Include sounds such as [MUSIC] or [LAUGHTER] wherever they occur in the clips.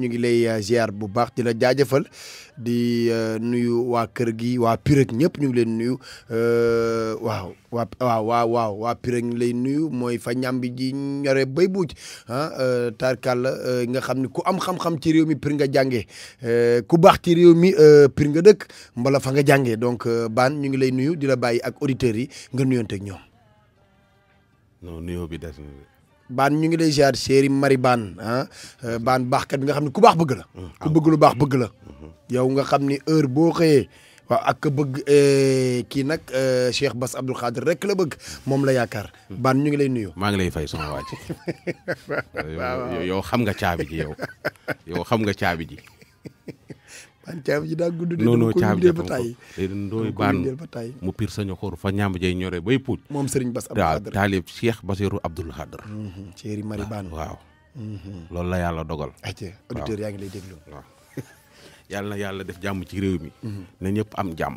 ñu ngi lay euh, ziar bu baax di la jaajëfal di euh, nuyu waa kër gi waa Pireg ñëpp ñu ngi leen nuyu euh, waaw waa waaw waaw waaw waa Pireg ñu lay nuyu mooy fa ñàmbi ji ñore bay buuj ah tarkal nga xam ni ku am xam-xam ci réew mi Pire nga jàngee ku baax ci réew mi Pire nga dëkk mbala fa nga jàngee donc baan ñu ngi lay nuyu di la bàyyi ak auditeurs yi nga nuyonteeg ñoom. non nuyoo bi des na baan ñu ngi lay ziar séeri mari baan ah baan baaxkat bi nga xam ne ku baax bëgg la ku bëgg lu baax bëgg la yow nga xam ni heure boo xëyee waaw ak bëgg eh, kii nag eh, Cheikh Bass Abdou Khadre rek la bëgg moom la yaakaar baan ñu ngi lay nuyu maa ngi lay fay sama waa ji [LAUGHS] yow xam nga caabi ji yow yow xam nga caabi ji an caabi ji daa gudd de non non caabi ji mu piir sañu xor fa ñam jay ñore bay puuj moom Serigne Bass Abdou Khadr taalib Cheikh Bassirou Abdoul Khadr chéri mhm, mari baan mhm. loolu la yàlla dogal ac yaa ngi lay déglu waaw [LAUGHS] yàlla na yàlla def jàmm ci réew mi mhm. na ñëpp am jàmm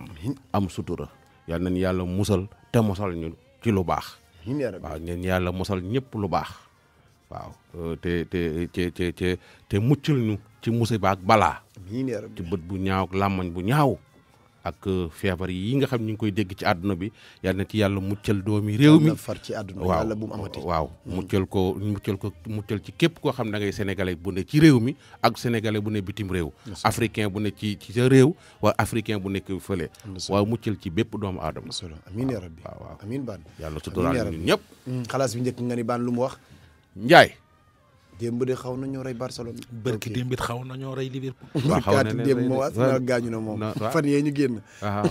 am sutura yàlla nañ yàlla musal te musal ñu ci lu baax waaw neen yàlla mosal ñëpp lu baax te te te ñu ci musiba ak balaa ci bët bu ñaaw ak làmmañ bu ñaaw ak euh, feebar yi nga xam ñu ngi koy dégg ci àdduna bi yal na ci yàlla muccal doomi réew mi far ci àdduna bi bu mu waaw hmm. muccal ko muccal ko muccal ci képp koo xam da ngay sénégalais bu ne ci réew mi ak sénégalais bu ne bitim réew africain bu ne ci ci sa réew waa africain bu nekk fële waaw muccal ci bépp doomu aadama amiin yaa rabbi waaw waaw amiin baan yàlla suturaal ñëpp hmm, xalaas bi njëkk nga lu mu wax njaay démb de xaw na ñoo rey Barcelone. [LAUGHS] barki démb it xaw na ñoo rey Liverpool. waaw [LAUGHS] xaw na démb moom Arsenal gaañu na moom. fan yee ñu génn. [LAUGHS] waaw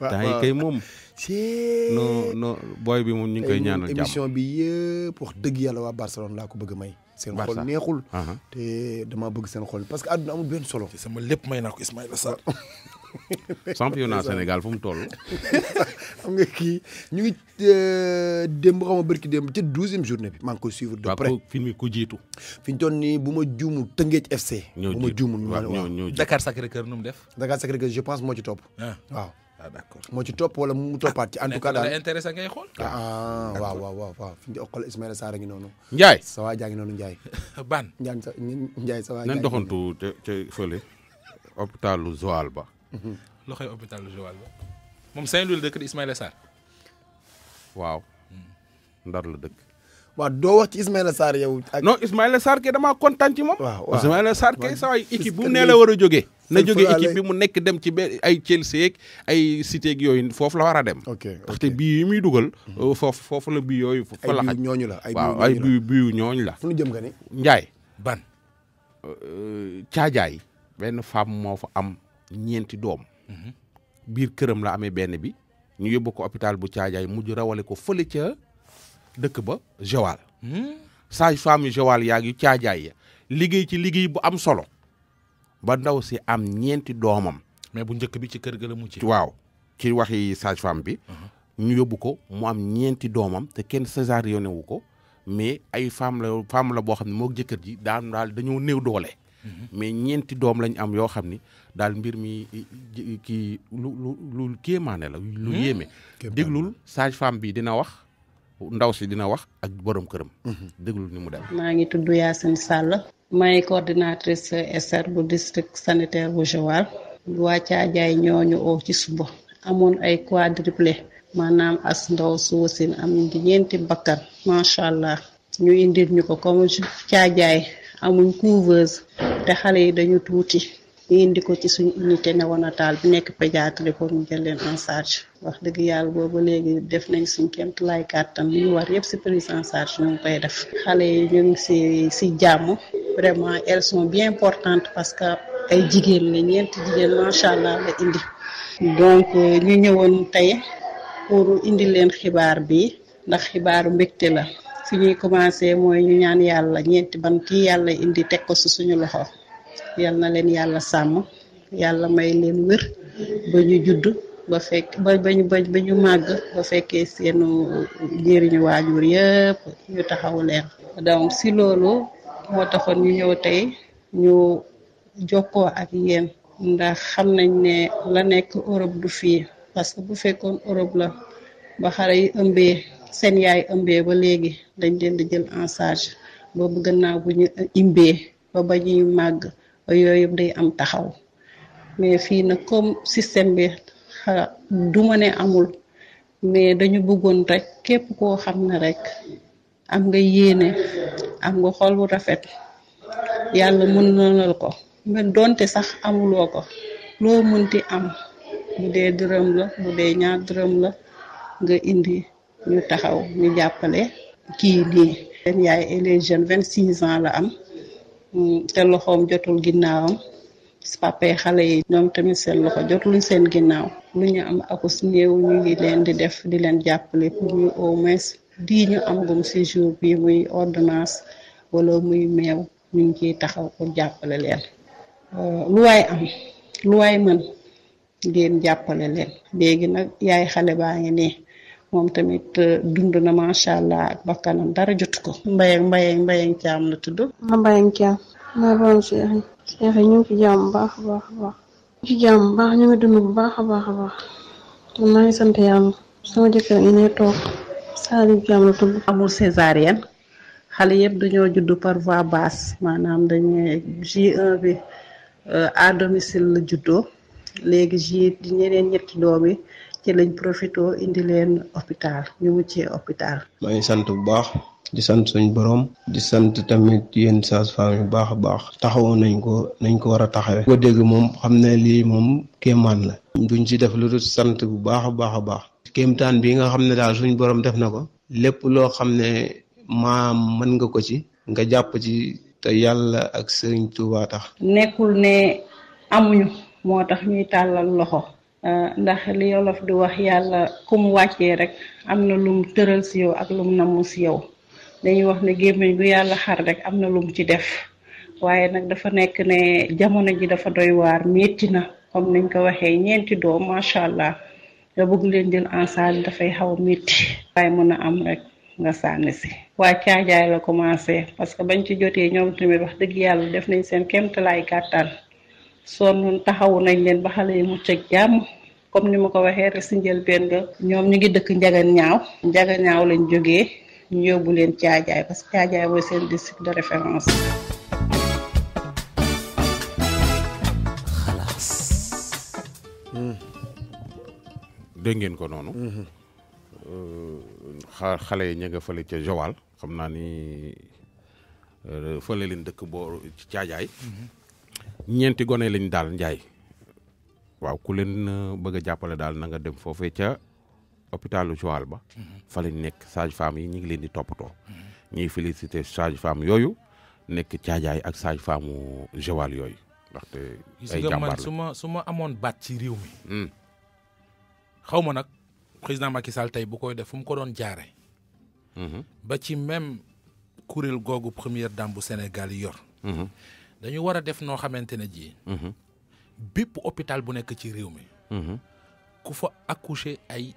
waaw kay moom. c'est non non bi moom ñu ngi koy émission bi yëpp wax dëgg yàlla waa Barcelone laa ko bëgg may. seen xol neexul. te dama bëgg seen xol parce que àdduna amul benn solo. sama lépp may naa ko Ismaïla Sarr. [LAUGHS] championnat Sénégal fu mu toll. [LAUGHS] xam nga kii ñu ngi euh, démb xaw ma barki démb ca douzième journée bi. maa ngi koy suivre de près waaw fi mu ko jiitu. fi ñu toll nii bu ma juumul Tëngéej FC. ñoo jiitu bu ma juumul waaw Dakar Sacré Cœur nu mu def. Dakar Sacré Cœur je pense moo ci topp. Ah. waaw. ah d' accord moo ci topp wala mu toppaat ci en ah, tout cas daal nekk intéressé ngay xool. ah waaw waaw waaw waaw fi ñu di xool Ismaïla Sarr a ngi noonu. Ndiaye sa waa jaa ngi noonu Ndiaye. [LAUGHS] Ban Ndiaye sa Ndiaye sa waa. nañ doxantu ca ca fële hôpitalu Joal ba. loo xew hôpital Joal ba moom Saint-Louis la dëkk di Ismaïla Sarr. waaw. ndar la dëkk. doo wax ci Ismaïla Sarr yow. non Ismaïla Sarr kay damaa kontaan ci moom. waaw waaw Ismaïla Sarr kay saa waay bu mu nee la war a jógee. na jógee équipe bi mu nekk dem ci be ay Chelsea ak ay Cité yooyu foofu la war a dem. ok ndaxte bii yi muy dugal. Mhm. Euh, foofu la bii yooyu. fa la xaj bii ñooñu la ay waaw bii bii ñooñu la. fu ñu jëm nga ni. Ndiaye. ban. Caajaay euh, benn femme moo fa am. ñeenti doom mhm. biir këram la amee benn bi ñu yóbbu ko hôpital bu caajaay mujj rawale ko fële ca dëkk ba Joal mhm. sage-femme yu Joal yaa yu caajaay ya liggéey ci liggéey bu am solo ba ndaw si am ñeenti doomam mais bu njëkk bi ci kër ga la mujj waaw ci waxi sage-femme bi mhm. ñu yóbbu ko mu am ñeenti doomam te kenn césarienne wu ko mais ay femme la femme la boo xam ne moo jëkkër ji daan daal dañoo néew doole Mm-hmm. mais ñeenti doom lañu am yoo xam ni daal mbir mi kii lu lu lu kéemaane la. lu mm-hmm. yéeme déglul sage femme bi dina wax ndaw si dina wax ak borom këram. Mm-hmm. déglul ni mu dem. maa ngi tudd Yacine Sall. may coordinatrice SR bu district sanitaire bu Joal. waa Caajaay ñooñu oo ci suba. amoon ay quadruplé. maanaam as ndaw suusin am ñeenti bakkan. macha allah. ñu indil ñu ko comme Caajaay. amuñ couveuse te xale yi dañu tuuti ñu indi ko ci suñu unité néonatale bi nekk pédiatrie pour ñu jël en charge wax dëgg yàlla booba léegi def nañ suñ kémt laay kàttan li ñu war yëpp si prise en charge ñu koy def xale yi ñu ngi si si jàmm vraiment elles sont bien importantes parce que ay jigéen la ñeenti jigéen macha allah la indi donc ñu ñëwoon tey pour indi leen xibaar bi ndax xibaaru mbégte la fi ñuy commencé mooy ñu ñaan yàlla ñeenti bant yi yàlla indi teg ko si suñu loxo yal na leen yàlla sàmm yàlla may leen wér ba ñu judd ba fekk ba ba ñu ba ñu màgg ba fekkee seenu njëriñu waajur yépp ñu taxaw leen donc si loolu moo taxoon ñu ñëw tey ñu jokkoo ak yéen ndax xam nañ ne la nekk Europe du fii parce que bu fekkoon Europe la ba xare yi ëmbee seen yaay ëmbee ba léegi dañ leen di jël en charge boobu gannaaw bu ñu imbee ba ba ñuy màgg yooyu yëpp day am taxaw mais fii nag comme système bi du ma ne amul mais dañu buggoon rek képp koo xam ne rek am nga yéene am nga xool bu rafet yàlla mën nanal ko mais donte sax amuloo ko loo mënti am bu dee dërëm la bu dee ñaar dërëm la nga indi ñu taxaw ñu jàppale kii lii seen yaay les jeunes vingt six ans la am mm, te loxoom jotul ginnaawam pape xale yi ñoom tamit seen loxo jotul seen ginnaaw lu ñu am akus néew ñu ngi leen di def di leen jàppale pour ñu au moins di ñu am gum si jour bi muy ordonnance wala muy meew ñu ngi ciy taxaw pour jàppale leen euh, lu am lu waay mën ngeen jàppale leen léegi nag yaay xale baa ngi nii moom tamit euh, dund na macha allah ak bakkanam dara jotu ko. Mbayang Mbayang Mbayang Thiam la tudd. ah Mbayang Thiam. maa borom Cheikh yi. ñu ngi ci jàmm bu baax a ñu ci jàmm bu baax ñu ngi dund bu baax a baax a baax. maa sant yàlla. sama jëkkër ñu toog. Saliou Thiam la tudd. amul césarienne. xale yëpp dañoo judd par voie basse maanaam dañuy J1 bi euh, la juddoo léegi J ci lañ profité indi leen hôpital ñu muccee hôpital. maa ngi sant bu baax di sant suñ borom di sant tamit yéen sages-femmes yu baax a baax taxawoon nañ ko nañ ko war a taxawee. ko dégg moom xam ne lii moom kéemaan la. duñ ci def lu dul sant bu baax a baax a baax. kéemtaan bi nga xam ne daal suñ borom def na ko. lépp loo xam ne maam mën nga ko ci. nga jàpp ci te yàlla ak sëriñ Tuubaa tax. nekkul ne amuñu moo tax ñuy tàllal loxo. Eh, ndax li olof di wax yàlla ku wàccee rek am na lum tëral si yow ak lum namm si yow dañuy wax ne gémmiñ gu yàlla xar rek am na lum ci def waaye nag dafa nekk ne jamono ji dafa doy waar metti na comme niñ ko waxee ñeenti doom macha allah nga bëgg leen jël en charge dafay xaw a metti waaye mën a am rek nga sànni si waa caajaay la commencé parce que bañ ci jotee ñoom tamit wax dëgg yàlla def nañ seen kéemtalaay kàttan sonnoon taxawu nañ leen ba xale yi mu ak jàmm comme ni ma ko waxee rek si njëlbeen nga ñoom ñu ngi dëkk njagan ñaaw njagan ñaaw lañ jóge ñu leen caajaay parce que caajaay mooy seen district de référence xalaas hmm. ngeen ko noonu hmm. xale yi ña nga fële ca Joal xam naa ni euh, fële leen dëkk boo caajaay hmm. ñeenti gone lañ daal njaay waaw ku leen euh, bëgg a jàppale daal na nga dem foofee ca hôpitalu Joal ba mhm. fa lañ nekk sage femme yi ñu ngi leen di toppatoo ñuy félicité sage femme yooyu nekk caajaay ak sage femme Joal yooyu ndaxte ay jàmbaar la su ma su ma amoon baat ci réew mi hmm. xaw ma nag président Macky Sall tey bu koy def fu mu ko doon jaare hmm. ba ci même kuréel googu première dame bu Sénégal yi yor hmm. dañu war a def noo xamante ne ji. Mhm. bépp hôpital bu nekk ci réew mi. Mhm. ku fa accoucher ay.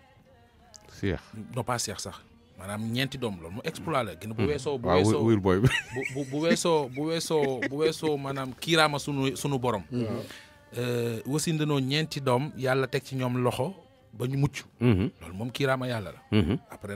seex non pas seex sax maanaam ñeenti doom loolu mu exploit la. gën bu mhm. weesoo bu ah, weesoo bu weesoo bu weesoo bu weesoo maanaam kiiraama euh, après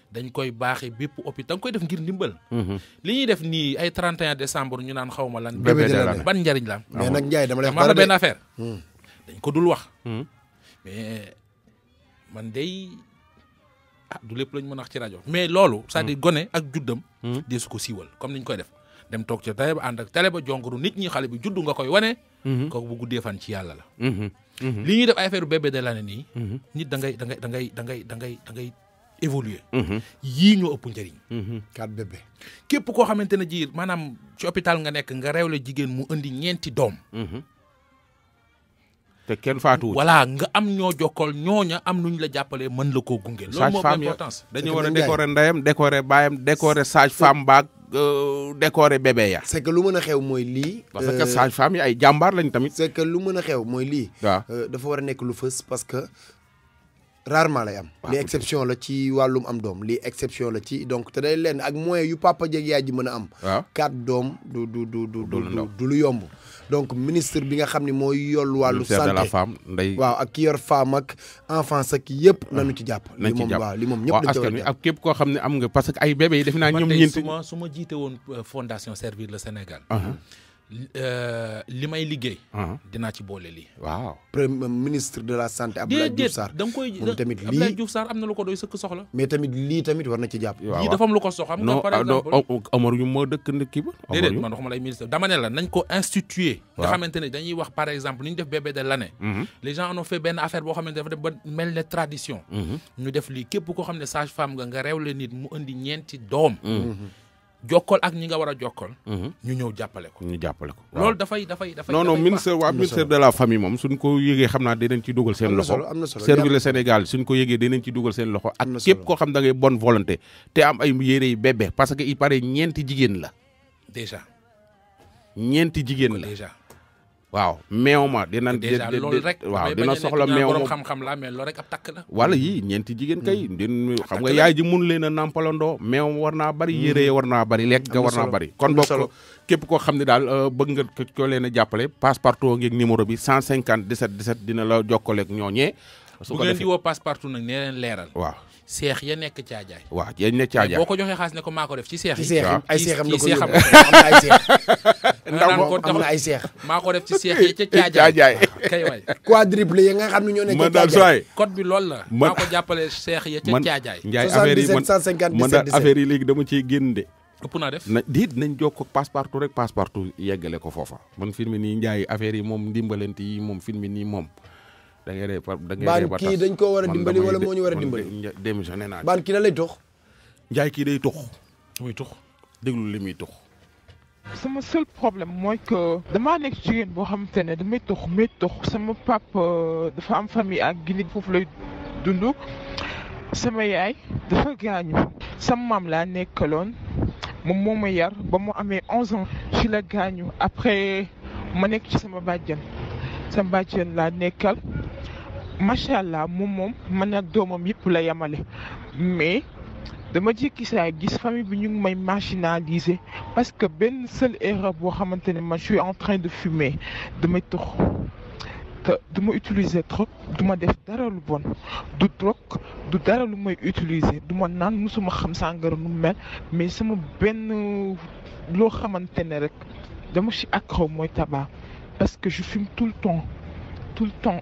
dañ koy baxé bép hôpital dañ koy def ngir ndimbal. Mhm. li ñuy def ni ay 31 décembre ñu naan xawma lan. bébé de l'année ban njariñ la mais nak ñay dama lay wax dara benn affaire. Hmm. dañ ko dul wax. Hmm. mais man day ah, du lepp lañ mëna wax ci radio mais lolu cest à hmm. goné ak juddam. des ko siwal comme niñ koy def. dem tok ci tayeb and ak télé ba jonkoru nit ñi xale bi juddu nga koy wone ko bu guddé fan ci yalla la. li ñuy def ay affaire bébé de l'année nii. nit da ngay da ngay da ngay da ngay da ngay da ngay. évoluer mhm. yii ñoo ëpp njëriñ. 4 mhm. bébé. képp koo xamante ne ji maanaam ci hôpital nga nekk nga réewle jigéen mu indi ñeenti doom. Mhm. te kenn faatuwul voilà nga am ñoo jokkool ñooña am nuñ la jàppalee mën la ko gunge. loolu moo importance dañu war a décorer ndeyam décorer baayam décorer sage femme baag euh, décorer bébé ya. c'est lu mën a xew mooy lii. parce que euh, sage femme ay jàmbaar lañ tamit. c'est lu mën a xew mooy lii. Euh, dafa war a nekk lu fës parce que. rarement les exceptions li exception la ci walum am exception donc yu papa quatre doom du du du du du lu yomb donc ministre bi nga xamni moy santé la femme waaw ak yor femme ak enfance ak yépp ah, nañu ci japp li mom waaw li ñëpp askan ak képp parce que ay bébé def euh, fondation servir le Sénégal uh-huh. Euh, li may liggéey. Uh-huh. dinaa ci boole lii. waaw premier ministre de la santé. Abdoulaye Diouf Sarr da nga koy moom tamit lii Abdoulaye Diouf Sarr am na lu ko doy sëkk soxla. mais tamit lii tamit war na ci jàpp. waaw lii dafa am lu ko soxla. non ah, Omar oh, oh, yu moo dëkk ne kii ba. déedéet man waxuma lay ministre dama ne la nañ ko instituer. nga xamante ne dañuy wax par exemple ni ñu def bébé de l'année. Mm-hmm. les gens en ont fait benn affaire boo xamante ne dafa def ba mel ne tradition. Mm-hmm. ñu def lii képp koo xam ne sage femme nga nga réew le nit mu indi ñeenti doom. Mm-hmm. jokkool ak ñi nga war a jokkool. Mhm. ñu ñëw jàppale ko. ñu jàppale ko loolu dafay dafay dafay. non non ministère waa ministère de la famille moom suñ ko yëgee xam naa dinañ ci dugal seen loxo. am na solo service le Sénégal suñ ko yëgee dinañ ci dugal seen loxo. ak képp koo xam da ngay bon volonté. te am ay yére yu bébé parce que i paraît ñeenti jigéen la. déjà. ñeenti jigéen la waaw meew ma dina. loolu rek waaw dina soxla meew ma xam-xam la mais loolu rek ab takk la. wala yii ñeenti jigéen kay. Hmm. din xam nga yaay ji mun leen a nampalandoo meew war naa bari hmm. yére war naa bari lekk nga war naa bari. kon bokk képp koo xam ne daal euh, bëgg nga ko leen a jàppale passe partout ngeeg numéro bi 150 17 17 dina la jokkaleeg ñooñee. su ko defee bu ngeen di woo passe partout nag nee leen leeral. waaw seex ya nekk caajaay. waaw ya nekk caajaay boo ko joxee xaalis ne ko maa ko def ci seex yi. ci ay seexam la ko yóbbu [LAUGHS] ndaw moom am na ay seex. maa ko def ci seex yi ca [LAUGHS] caajaay kay waay quadruple yi nga xam ne ñoo nekk ca caajaay code bi loolu la. maa ko jàppale seex yi ca caajaay. Ndiaye affaire yi man 77 man daal affaire yi léegi dama ciy génn de. ëpp naa def na diit nañ jokk passe-partout rek passe-partout yeggale ko foofa man film nii Ndiaye affaire yi moom ndimbalante yi moom film nii moom. da ngay dee da ngay dee ba kii dañ koo war a dimbali wala moo ñu war a dimbali. démissionné naa baan kii la lay tox. Ndiaye kii day tox. muy tox déglu li muy tox sama seul problème moi que damaa nekk jigéen boo xamante ne damay tox may tox sama papa euh, dafa am famille ak Guinée foofu lay dund sama yaay dafa gaañu sama maam la nekkaloon moom mon ma yar ba mu amee onze ans ci la gagne. après ma nek, ci sama bàjjen sama bàjjen laa nekkal macha allah moom mon man ak doomam pour la yamale mais dama me gis famille bi ñu may marginaliser parce que ben seul erreur ne je suis en train de fumer de utiliser trop def du du utiliser xam mel mais sama benn loo xamante ne rek dama tabac parce que je fume tout le temps tout le temps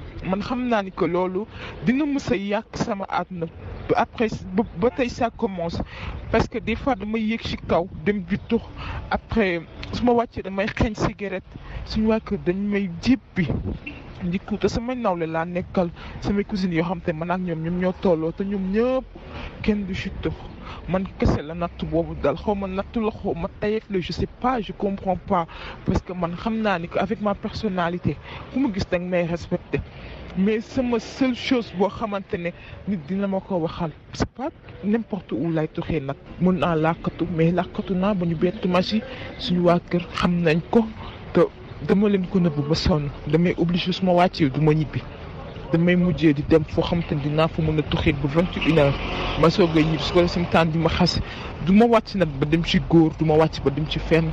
man xam naa ni que loolu dina mës a yàq sama àdduna après ba tey ça commence parce que des fois dama yéeg ci kaw dem di après su ma wàccee damay xeeñ cigarette suñu waa kër dañ may jébbi njikku te samay nawle laa nekkal samay cousine yoo xam te man ak ñoom ñoom ñoo tolloo te ñoom ñëpp kenn du ci tux man kese la natou boobu dal xaw natou la xaw tayef le je sais pas je comprends pas parce que man xamna ni avec ma personnalité kou ma gis danga may respecté mais sama seule chose bo xamantene nit dina ma ko waxal c'est pas n'importe où lay tuxee nak mun naa làkkatu mais làkkatu na ba ñu bett ma si suñu wa kër xamnañ ko te dama leen ko neub ba son damay obligé su ma wàccee du ma damay mujjee di dem foo xamante ni dina fa mën a tuxee ba vingt et une ma soog a ñib su ko defee temps di ma xas du ma wàcc nag ba dem ci góor du ma wàcc ba dem ci fenn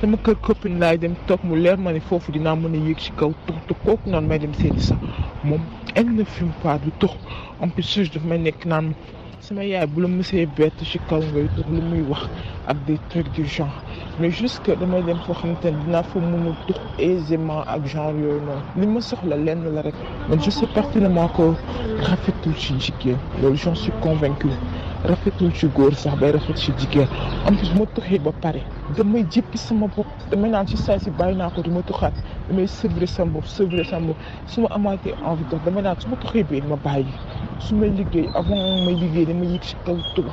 sama kër copine laay dem toog mu leer ma ne foofu dina mën a yéeg ci kaw tux te kooku noonu may dem seeti sax moom elle ne fume pas du tux en plus daf may nekk naan. sama yaay bu la mësee bett ci kaw ngay toog lu muy wax ak des trucs du genre mais juste que damay dem foo xamante ne dinaa fa mun a tux aisément ak genre yooyu noonu li ma soxla lenn la rek man je sais pertinemment que rafetul ci jigéen loolu j'en suis convaincu rafetul ci góor sax bay rafet ci jigéen en plus ma tuxee ba pare damay jéppi sama bopp damay naan ci saa si bàyyi naa ko di ma tuxaat damay sevrer sama bopp sevrer sama bopp su ma amaatee envie dox damay naan su ma tuxee bee ma bàyyi su may liggéey avant may liggéey damay yëg ci kaw tuba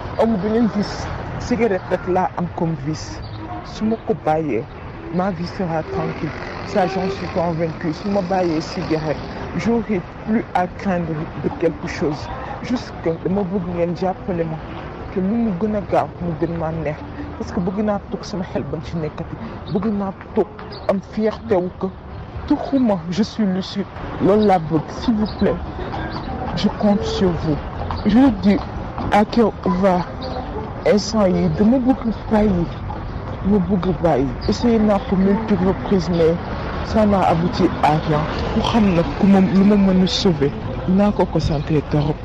amul beneen vice cigarette si là comme vice si ma ma vie sera tranquille ça j'en suis convaincu Je ma cigarette j'aurai plus à craindre de quelque chose juste que nous bëgg ngeen jàppale ma que nous nous parce que bëgg naa je sama xel bañ ci nekkati bëgg n'a fierté Tout que monde, je suis monsieur. loolu s'il vous plaît je compte sur vous je le dis ake ba instant yi dama bëgg bàyyi dama bëgg bàyyi essayé naa ko multiple reprise mais ça n'a abouti à rien ku xam nag ku ma lu ma mën a sauver naa ko ko santé torop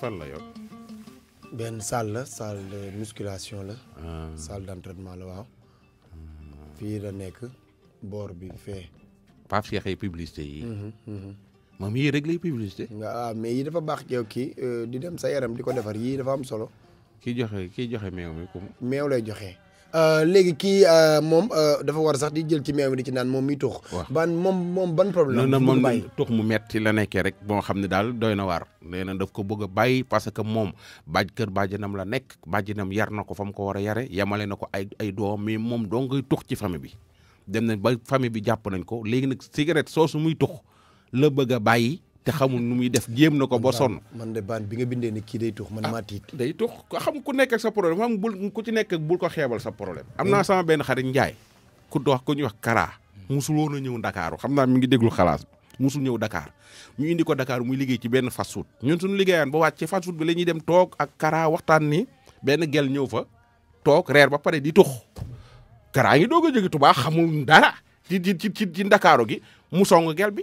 fan la yow. benn salle la salle de musculation la. Ah. salle d' entraînement la waaw. fii la nekk boor bi fee. Pape Cheikh ay publicité yi mhm, mhm. moom yii rek lay publicité waaw mais yi dafa baax yow kii euh, di dem sa yaram di ko defar yii dafa am solo kii joxe kii joxe meew mi kum meew lay joxe euh, léegi kii euh, moom dafa war sax di jël ci meew mi di ci naan moom mi tuux ban moom moom ban problème non moom tuux mu metti la nekkee rek boo xam ne daal na waar nee na daf ko bëgg a bàyyi parce que moom bàj kër bàjjanam la nekk nam yar na ko fa mu ko war a yare yemale na ko ay ay doom mais moom doo ngay tuux ci famille bi dem nañ ba famille bi jàpp nañ ko léegi nag cigarette soosu muy tux la bëgg a bàyyi te xamul nu muy def jéem na ko ba sonn. man de baan bi nga bindee ni kii day tux man ah, maa tiit. day tux xam ku nekk ak sa problème xam bul ci nekk bul ko xeebal sa problème. am mm. naa sama benn xarit Njaay ku dox ku ñuy wax Kara. musuloo woon ñëw Dakar xam naa mu ngi déglu xalaas musul ñëw dakaar ñu indi ko Dakar muy liggéey ci benn fast food ñun suñu liggéeyaan ba wàcc ci bi la ñuy dem toog ak Kara waxtaan ni benn gel ñëw fa toog reer ba pare di tux Kara ngi doog a jóge Touba xamul dara ci ci ci ci ndakaaru gi mu song gel bi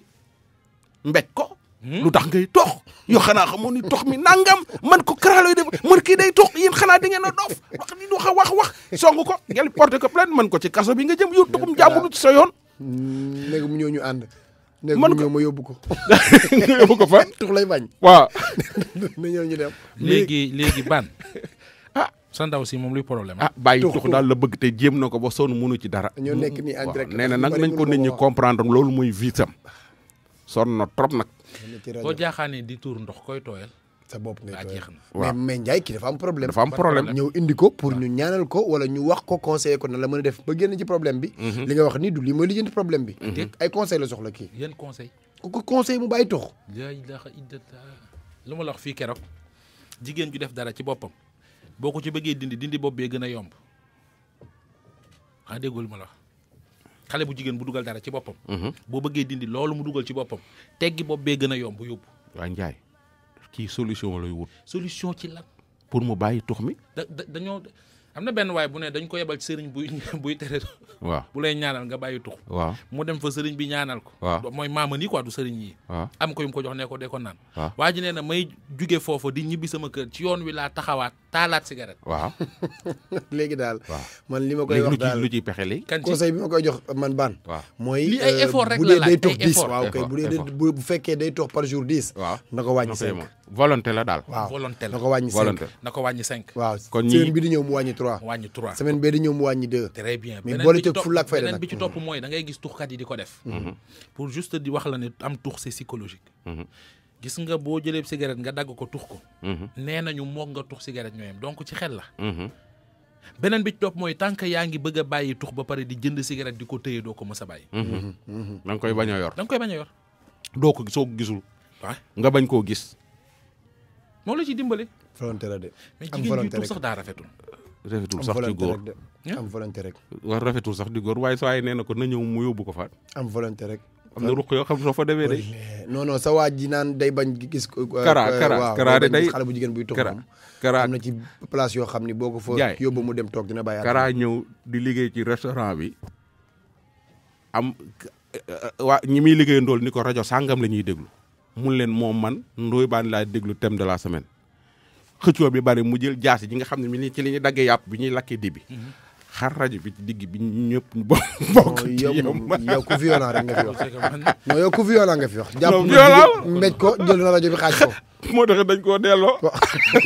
mbéj ko. Hmm? lu tax ngay toox yoo xanaa xamoon ni tox mi nangam man ko Kara lay def man kii day tox yéen xanaa da ngeen a doof wax di wax wax wax song ko gel porte ko plainte man ko ci kaso bi nga jëm yow tuxum jàmbur sa yoon. Hmm, léegi mu ñëw ñu ànd. man ko ma yóbbu ko. [LAUGHS] nga ko fa [LAUGHS] tux lay bañ. waaw. [LAUGHS] na ñëw dem. léegi léegi ban. sa ndaw si moom luy problème ah bàyyi tux daal la bëgg te jéem na ko ba sonn mënu ci dara. ñoo nekk nii en direct nee na nag nañ ko nit ñi loolu muy vitam sonn na trop nag. boo jaaxaane di tuur ndox koy tooyal. sa bopp ngay tooyal mais mais Ndiaye ki dafa am problème. dafa am problème ñëw indi ko pour ñu ñaanal ko wala ñu wax ko conseiller ko na la mën a def ba génn ci problème bi. Mhm. li nga wax nii du lii mooy lijjanti problème bi. Mhm. Mhm. ay conseil la soxla kii. yan conseil ku ko conseil mu bàyyi la ma la wax fii keroog jigéen ju def dara ci boppam boo ko ci bëggee dindi dindi bopp bee gën a yomb xanaa déggul ma la xale bu jigéen bu dugal dara ci boppam. Mhm. boo bëggee dindi loolu mu dugal ci boppam teggi bopp bee gën a yomb yóbbu. waa Njaay kii solution lay wut. solution ci lan. pour mu bàyyi tux mi. da dañoo am na benn waay bu ne dañ ko yebal sëriñ buy [LAUGHS] buy tere. waaw bu lay ñaanal nga bàyyi tux. waaw mu dem fa sëriñ bi ñaanal ko. waaw mooy maama nii quoi du sëriñ yi. am ko yu ko jox ne ko de ko naan. waa ji nee na may jóge di ñibbi sama kër ci yoon wi laa taxawaat. taalaat cigarette. waaw. [LAUGHS] léegi daal. waaw man li ma koy wax daal lu ciy pexe léegi. kan ci conseil bi ma koy jox man baan. waaw mooy lii ay euh, effort rek la laaj bu dee bu fekkee day tox par jour 10. waaw na ko wàññi 5. volonté na ko wàññi 5. na ko wàññi 5. waaw semaine bi di ñëw mu wàññi 3. wàññi 3 semaine bee di ñëw mu wàññi 2. très bien mais boole ca fulla ak fayda nag bi ci topp mooy da ngay gis tuxkat yi di ko def. Mhm. pour juste di wax la ne am tux c'est psychologique mhm. gis nga boo jëlee cigarette nga dagg ko tux ko. Mhm. nee nañu moog nga tux cigarette ñooyam donc ci xel la. Mhm. beneen bi ci topp mooy tànk yaa ngi bëgg a bàyyi tux ba pare di jënd cigarette di ko tëye doo ko mës a bàyyi. Mhm. da koy bañ a yor da koy bañ a yor. doo ko soo gisul gisul. nga bañ koo gis. moo la ci dimbali. volonté la de mais jigéen ñi tux sax daa rafetul. rafetul sax di góor am volonté rek. war rafetul sax di góor waaye saa nee na ko na ñëw mu yóbbu ko faat. am volonté rek. am na ruq yoo xam soo fa demee day. non sa waaj ji naan day bañ gis. Euh, kara euh, kara kara de day xale bu jigéen buy toog kara na ci place yoo xam ni boo ko fa. yóbbu mu dem toog dina bàyyi. kara ñëw di liggéey ci restaurant bi am euh, waa ñi muy liggéey ndool ni ko rajo sàngam la ñuy déglu. mun leen moom man Ndoye Bane laa déglu thème de la semaine xëccoo bi bari mu jël jaasi ji nga xam ne mi ci li ñuy daggee yàpp bi ñuy lakkee dibi. Mm-hmm. xar rajo bi ci digg bi ñëpp bokk. [LAUGHS] yow ku violent rek nga fi wax. [LAUGHS] non yow ku violent nga fi wax. jàpp mbéj ko jël na rajo bi xaaj ko. [LAUGHS] moo tax dañ koo delloo.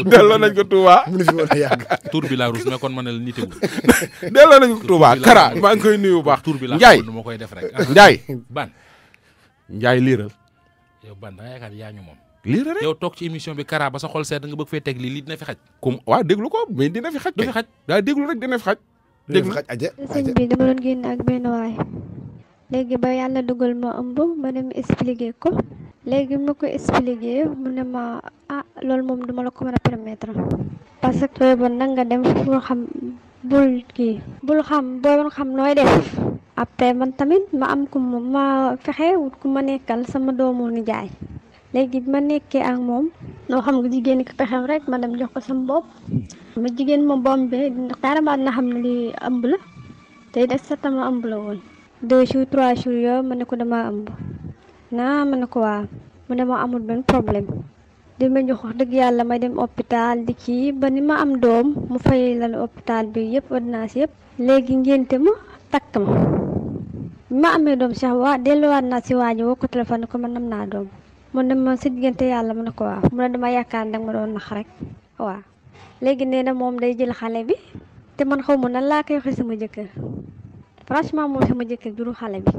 delloo nañ ko Touba. mu ne fi woon a yàgg. tur bi laa rus mais kon ma ne la nit delloo nañ ko Touba Kara maa ngi koy nuyu bu baax. tur bi laa Ndiaye nu ma koy def rek. Ndiaye. ban Ndiaye liiral. yow ban da nga yaakaar yaa ñu moom. liiral rek yow toog ci émission bi Kara ba sa xol sedd nga bëgg fee teg lii lii fi xaj. comme waaw déglu ko mais dina fi xaj. du fi xaj daa déglu rek dina fi xaj dégg nga dugal ma ëmb ma dem expliquer ko léegi ma ko expliquer mu ma ah moom duma la ko mën a permettre dem man ma am ku ma fexe wut ku ma sama doomu nijaay léegi bi ma ke ak moom no xam nga jigéen ki pexem rek ma dem jox ko ma jigéen ma bombé carrément na xam ne lii ëmb la tey exactement ëmb la woon deux jours trois jours yoo ma ne ko dama ëmb naa ma ne ko waa mu ne ma amul benn problème di ma jox dëgg yàlla ma dem hopital di kii ba ni ma am doom mu fay lan hôpital bi yëpp ordonnance yëpp léegi ngénte ma takk ma bi ma doom sax waa delluwaat si waaji woo ko ko man am naa doom mu ne ma si diggante yàlla mu ne ko waa mu ne dama yaakaar danga ma doon nax waa léegi nee na moom day jël xale bi te man xaw ma nan laa koy waxee sama jëkkër franchement moom sama jëkkër juru xale bi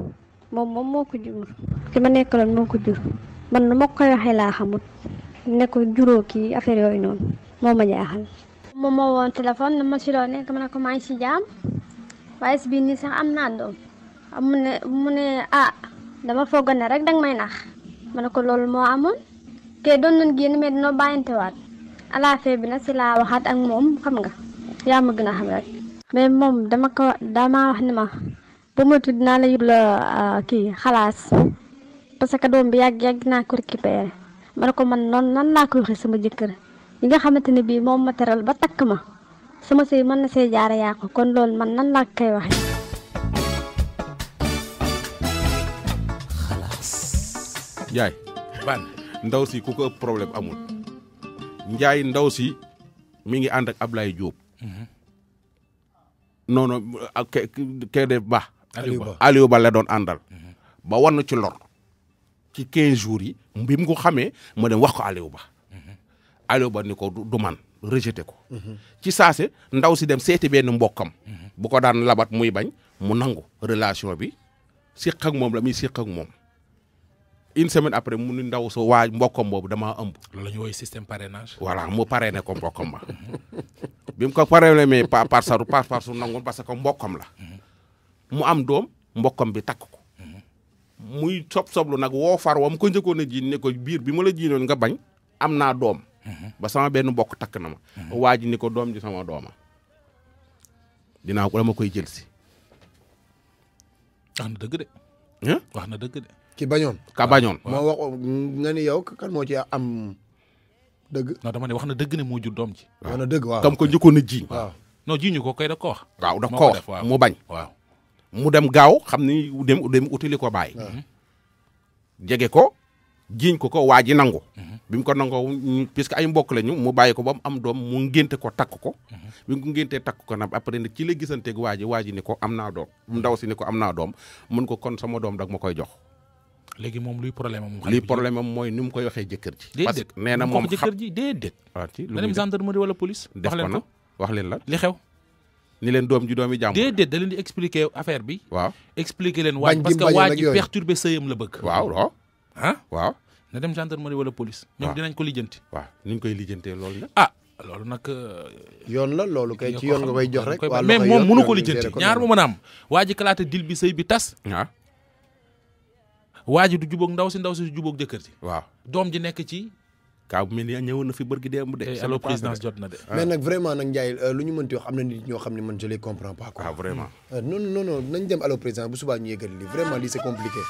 moom moom moo ko jur ki ma nekkaloon moo ko jur man nu ma koy waxee laa xamut ne juróo kii affaire yooyu noonu moo ma jaaxal. moom moo woon téléphone na ma si loo nekk ma ne ko maa ngi si jaam waaye si biir nii sax am naa doom mu ne mu ne ah dama foog ne rek danga may nax ma ne ko loolu moo amoon te doon nañ génn mais dina bàyyantewaat. alaafee bi nag sila waxat ak mom xam nga ya ma gën xam rek mais mom dama ko dama wax ni ma ba tud na la yul ki kii parce que dom bi yag yag na ko récupérer man ko man non nan la ko waxe sama jëkkeur yi nga xamanteni bi mom ma teral ba tak ma sama sey man na sey jaara ya ko kon loolu man nan la kay wax yaay ban ndaw si ku ko problème amul. Njaay ndaw si mi ngi ànd ak Ablaye Diop. noonu mhm. non ke ke de ba. Aliou Ba Aliou Ba la doon àndal. Mhm. ba wan ci lor. ci 15 jours yi. bi ngu xamee ma dem wax ko Aliou Ba. Mhm. Aliou Ba ni ko du man rejeté ko. ci saase ndaw si dem seeti benn mbokkam. bu ko daan labat muy bañ mu nangu relation bi siq ak moom la muy siq ak moom. une semaine après mu ni ndaw sa waa mbokkam boobu dama ëmb. loolu la ñu woy système parrainage. voilà mu parrainé ko mbokkam ma [LAUGHS] bi mu ko paree mais par par par par su parce que mbokkam la. Mhm. mu am doom mbokkam bi takk mhm. muy sob soblu nag woo far wa mu ko njëkkoon a jiin ne ko biir bi ma la jiinoon nga bañ. am naa doom. Mhm. ba sama benn mbokk takk na ma. waa ji ni ko doom ji sama dooma dinaa ko dama koy jël si. wax dëgg wax na dëgg de. ki bañoon ka bañoon. moo wax nga ni yow kan moo ci am dëgg. non dama ne wax na dëgg ne moo jur doom ji. dëgg waaw kam ko njëkkoon a ji. no non ko kay da ko wax. waaw da ko wax mu bañ. waaw mu dem gaaw xam ni dem dem utili ko bàyyi. jege ko jiiñ ko ko waa ji nangu. Mhm. bi mu ko nangoo puisque ay mbokk lañu mu bàyyi ko ba mu am doom mu ngénte ko takk ko. Mhm. bi mu ko takk ko nag après nag ci la gisanteeg waa ji waa ji ni ko am naa doom ndaw si ni ko am naa doom mun ko kon sama doom dag moo koy jox. léegi moom luy problème am. lii problème am mooy ni mu koy waxee jëkkër ji. parce que nee na moom jëkkër ji déedéet. waaw ko leen la xew. ni leen doom ji doomi jàmm. déedéet da leen di affaire bi. waaw expliquer leen. waaj parce que waaj ji perturber sëyam la bëgg. waaw waaw. ah waaw. na dem gendarmerie wala police. ñoom dinañ ko lijjanti. waaw ni ñu koy lijjantee loolu la. ah loolu nag. Euh, yoon la loolu kay ci yoon nga koy jox rek. mais moom mënu ko lijjanti ñaar mu mën a am. waaj kalaate dil bi sëy bi tas. waaw ah. waa ji du jubóog ndaw si ndaw si du jubóog jëkkër ji waaw doom ji nekk ci kaa mel ni ñëwoon na fi bërgi démb de eh, alors présidence jot na de mais nag vraiment nag Ndiaye euh, lu ñu mënti wax am na nit ñoo xam ne man je lee comprends pas quoi ah vraiment euh, non non dem alors président bu subaa ñu yëgal li vraiment lii c'est compliqué